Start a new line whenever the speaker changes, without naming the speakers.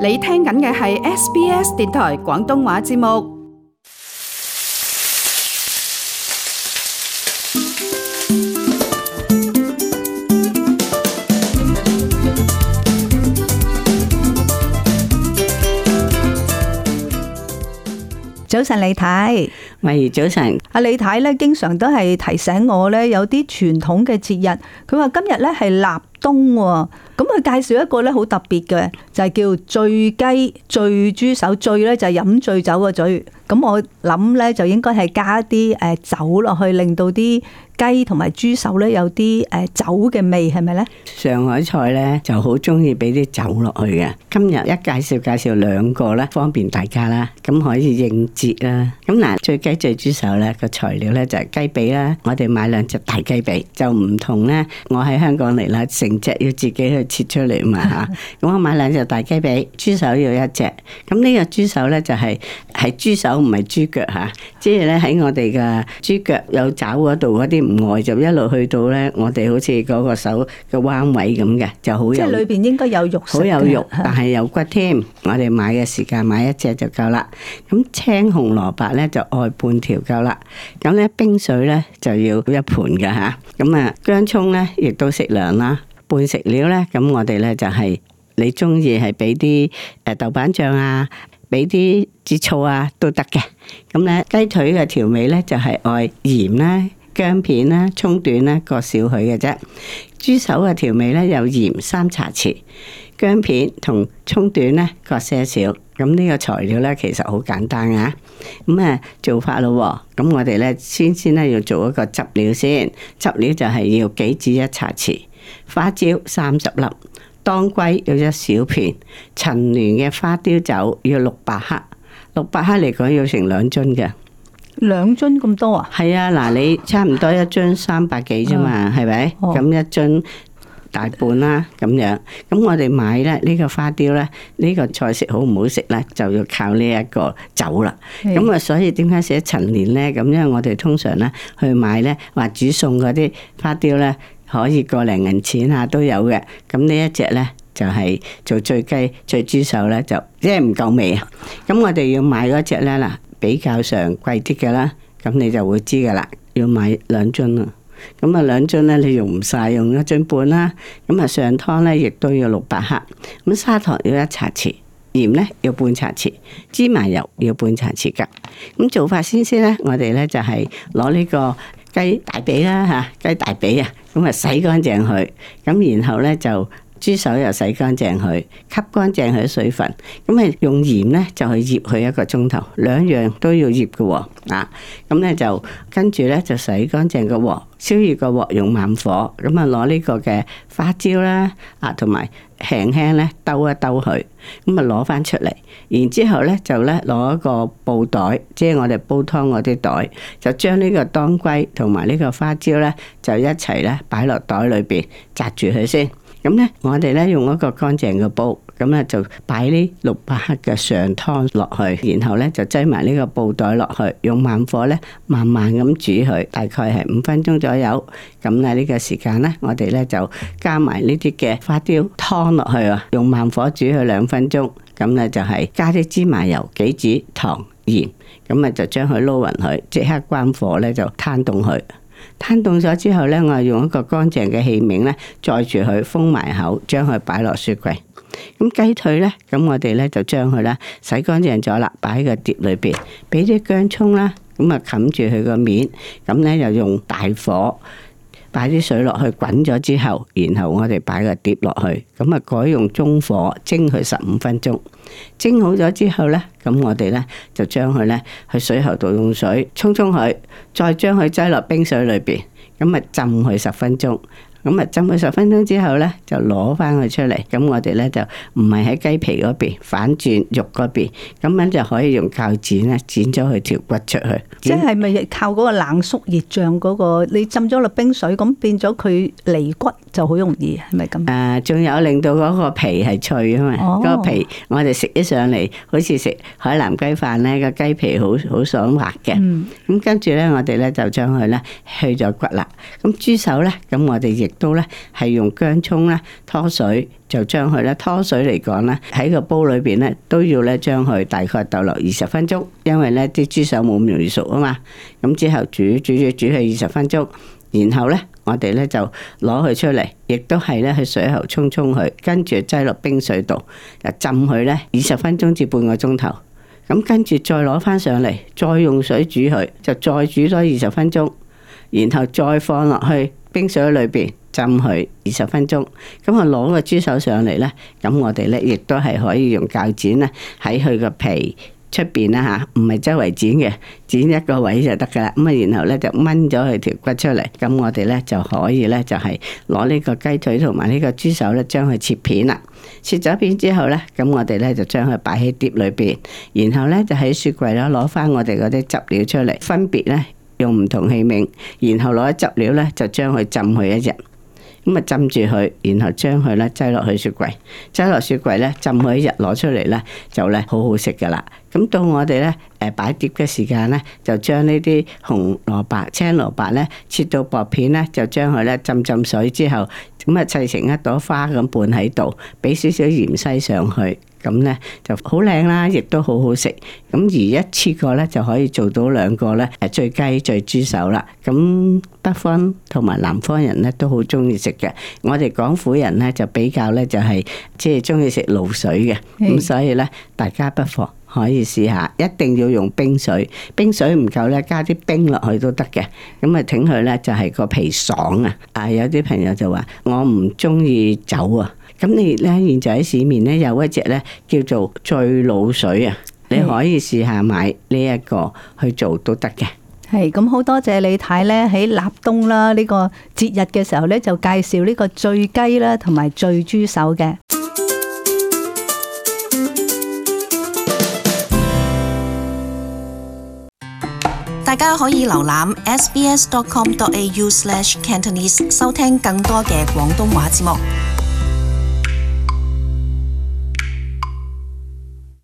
你聽緊嘅係 SBS 電台廣東話節目。早晨李太，喂早晨。阿李太咧，經常都係提醒我咧，有啲傳統嘅節日。佢話今日咧係立。冬喎，咁佢介紹一個咧，好特別嘅，就係、是、叫醉雞醉、醉豬手、醉咧就係飲醉酒個醉。咁我諗咧就應該係加啲誒酒落去，令到啲。雞同埋豬手咧有啲誒酒嘅味係咪咧？
上海菜咧就好中意俾啲酒落去嘅。今日一介紹介紹兩個啦，方便大家啦，咁可以應節啦。咁嗱，醉雞醉豬手咧個材料咧就係雞髀啦。我哋買兩隻大雞髀，就唔同咧。我喺香港嚟啦，成隻要自己去切出嚟嘛嚇。咁我買兩隻大雞髀，豬手要一隻。咁呢個豬手咧就係係豬手唔係豬腳嚇，即係咧喺我哋嘅豬腳有爪嗰度嗰啲。外就一路去到呢，我哋好似嗰個手嘅彎位咁嘅，就好有，即係裏
邊應該有肉，好有肉，但
係有骨添。我哋買嘅時間買一隻就夠啦。咁青紅蘿蔔呢就愛半條夠啦。咁呢冰水呢就要一盤㗎吓。咁啊薑蔥呢亦都適量啦。半食料呢，咁我哋呢就係你中意係俾啲誒豆瓣醬啊，俾啲浙醋啊都得嘅。咁呢雞腿嘅調味呢就係愛鹽啦。薑片啦，蔥段咧，各少許嘅啫。豬手嘅調味咧，有鹽三茶匙，薑片同蔥段咧，各些少。咁呢個材料咧，其實好簡單啊。咁啊，做法咯。咁我哋咧先先咧要做一個汁料先。汁料就係要杞子一茶匙，花椒三十粒，當歸有一小片，陳年嘅花雕酒要六百克，六百克嚟講要成兩樽嘅。
兩樽咁多啊？
係啊，嗱，你差唔多一樽三百幾啫嘛，係咪、嗯？咁、哦、一樽大半啦、啊，咁樣。咁我哋買咧，呢個花雕咧，呢、呢個菜式好唔好食咧，就要靠呢一個酒啦。咁啊的，所以點解寫陳年咧？咁因為我哋通常咧去買咧，話煮餸嗰啲花雕咧，可以個零銀錢啊都有嘅。咁呢一隻咧就係做醉雞、醉豬手咧，就即係唔夠味啊。咁我哋要買嗰隻咧嗱。比較上貴啲嘅啦，咁你就會知噶啦，要買兩樽啊，咁啊，兩樽咧你用唔晒，用一樽半啦。咁啊，上湯咧亦都要六百克，咁砂糖要一茶匙，鹽咧要半茶匙，芝麻油要半茶匙噶。咁做法先先咧，我哋咧就係攞呢個雞大髀啦，吓雞大髀啊，咁啊洗乾淨佢，咁然後咧就。豬手又洗乾淨佢，吸乾淨佢啲水分，咁啊用鹽咧就去醃佢一個鐘頭，兩樣都要醃嘅喎啊！咁咧就跟住咧就洗乾淨個鑊，燒熱個鑊用慢火，咁啊攞呢個嘅花椒啦啊，同埋輕輕咧兜一兜佢，咁啊攞翻出嚟，然之後咧就咧攞一個布袋，即係我哋煲湯嗰啲袋，就將呢個當歸同埋呢個花椒咧就一齊咧擺落袋裏邊紮住佢先。咁咧，我哋咧用一個乾淨嘅煲，咁咧就擺啲六百克嘅上湯落去，然後咧就擠埋呢個布袋落去，用慢火咧慢慢咁煮佢，大概係五分鐘左右。咁啊呢個時間咧，我哋咧就加埋呢啲嘅花雕湯落去啊，用慢火煮佢兩分鐘。咁咧就係加啲芝麻油、杞子、糖、鹽，咁就將佢撈匀佢，即刻關火咧就攤凍佢。攤凍咗之後呢，我用一個乾淨嘅器皿呢，載住佢封埋口，將佢擺落雪櫃。咁雞腿呢，咁我哋呢，就將佢呢洗乾淨咗啦，擺喺個碟裏邊，俾啲薑蔥啦，咁啊冚住佢個面，咁呢，又用大火。擺啲水落去滾咗之後，然後我哋擺個碟落去，咁啊改用中火蒸佢十五分鐘。蒸好咗之後呢，咁我哋呢就將佢呢去水喉度用水沖沖佢，再將佢擠落冰水裏邊，咁啊浸佢十分鐘。咁啊，浸佢十分鐘之後咧，就攞翻佢出嚟。咁我哋咧就唔係喺雞皮嗰邊，反轉肉嗰邊，咁樣就可以用鉸剪咧剪咗佢條骨出去。即係
咪靠嗰個冷縮熱脹嗰個？你浸咗落冰水，咁變咗佢離骨就好容易，係咪咁？
誒，仲有令到嗰個皮係脆啊嘛。個皮我哋食起上嚟，好似食海南雞飯咧，個雞皮好好爽滑嘅。咁跟住咧，我哋咧就將佢咧去咗骨啦。咁豬手咧，咁我哋亦～都咧係用薑蔥咧拖水，就將佢咧拖水嚟講咧喺個煲裏邊咧都要咧將佢大概逗留二十分鐘，因為咧啲豬手冇咁容易熟啊嘛。咁之後煮煮煮煮佢二十分鐘，然後咧我哋咧就攞佢出嚟，亦都係咧去水喉沖沖佢，跟住擠落冰水度，就浸佢咧二十分鐘至半個鐘頭。咁跟住再攞翻上嚟，再用水煮佢，就再煮多二十分鐘，然後再放落去冰水裏邊。浸佢二十分鐘，咁我攞個豬手上嚟呢，咁我哋呢亦都係可以用鉸剪呢喺佢個皮出邊啦嚇，唔係周圍剪嘅，剪一個位就得噶啦。咁啊，然後呢就掹咗佢條骨出嚟，咁我哋呢就可以呢就係攞呢個雞腿同埋呢個豬手呢，將佢切片啦。切咗片之後呢，咁我哋呢就將佢擺喺碟裏邊，然後呢就喺雪櫃啦攞翻我哋嗰啲汁料出嚟，分別呢用唔同器皿，然後攞啲汁料呢就將佢浸佢一隻。咁啊浸住佢，然後將佢咧擠落去雪櫃，擠落雪櫃咧浸佢一日，攞出嚟咧就咧好好食㗎喇。咁到我哋咧誒擺碟嘅時間咧，就將呢啲紅蘿蔔、青蘿蔔咧切到薄片咧，就將佢咧浸浸水之後，咁啊砌成一朵花咁拌喺度，俾少少芫荽上去。咁咧就好靚啦，亦都好好食。咁而一次過咧就可以做到兩個咧，係醉雞、醉豬手啦。咁北方同埋南方人咧都好中意食嘅。我哋廣府人咧就比較咧就係即係中意食鹵水嘅。咁的所以咧大家不妨可以試下，一定要用冰水。冰水唔夠咧，加啲冰落去都得嘅。咁啊，整佢咧就係個皮爽啊。啊，有啲朋友就話我唔中意酒啊。咁你咧，現在喺市面咧有一隻咧叫做醉滷水啊，你可以試下買呢一個去做都得嘅。
係，咁好多謝李太咧喺立冬啦呢個節日嘅時候咧，就介紹呢個醉雞啦同埋醉豬手嘅。大家可以瀏覽 sbs.com.au/cantonese，收聽更多嘅廣東話節目。